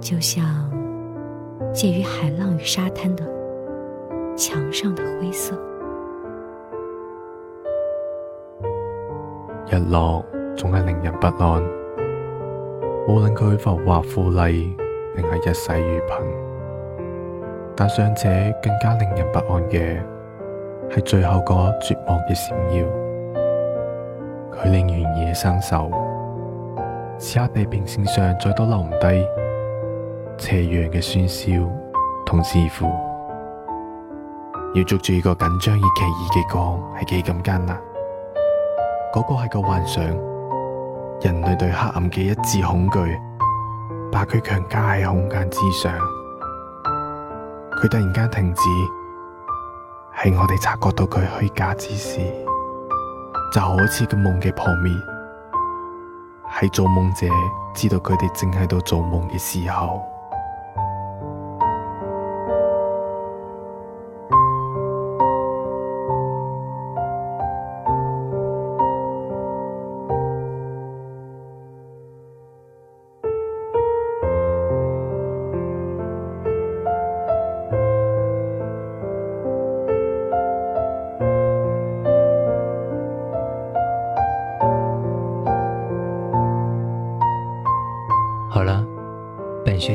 就像介於海浪與沙灘的牆上的灰色。日落總係令人不安，無論佢浮華富麗定係一世如貧，但上者更加令人不安嘅係最後個絕望嘅閃耀，佢令原野生鏽，此刻地平線上再都留唔低。斜陽嘅喧囂同自負，要捉住一個緊張而奇異嘅光係幾咁艱難。嗰、那個係個幻想，人類對黑暗嘅一致恐懼，把佢強加喺空間之上。佢突然間停止，喺我哋察覺到佢虛假之時，就好似個夢嘅破滅，喺做夢者知道佢哋正喺度做夢嘅時候。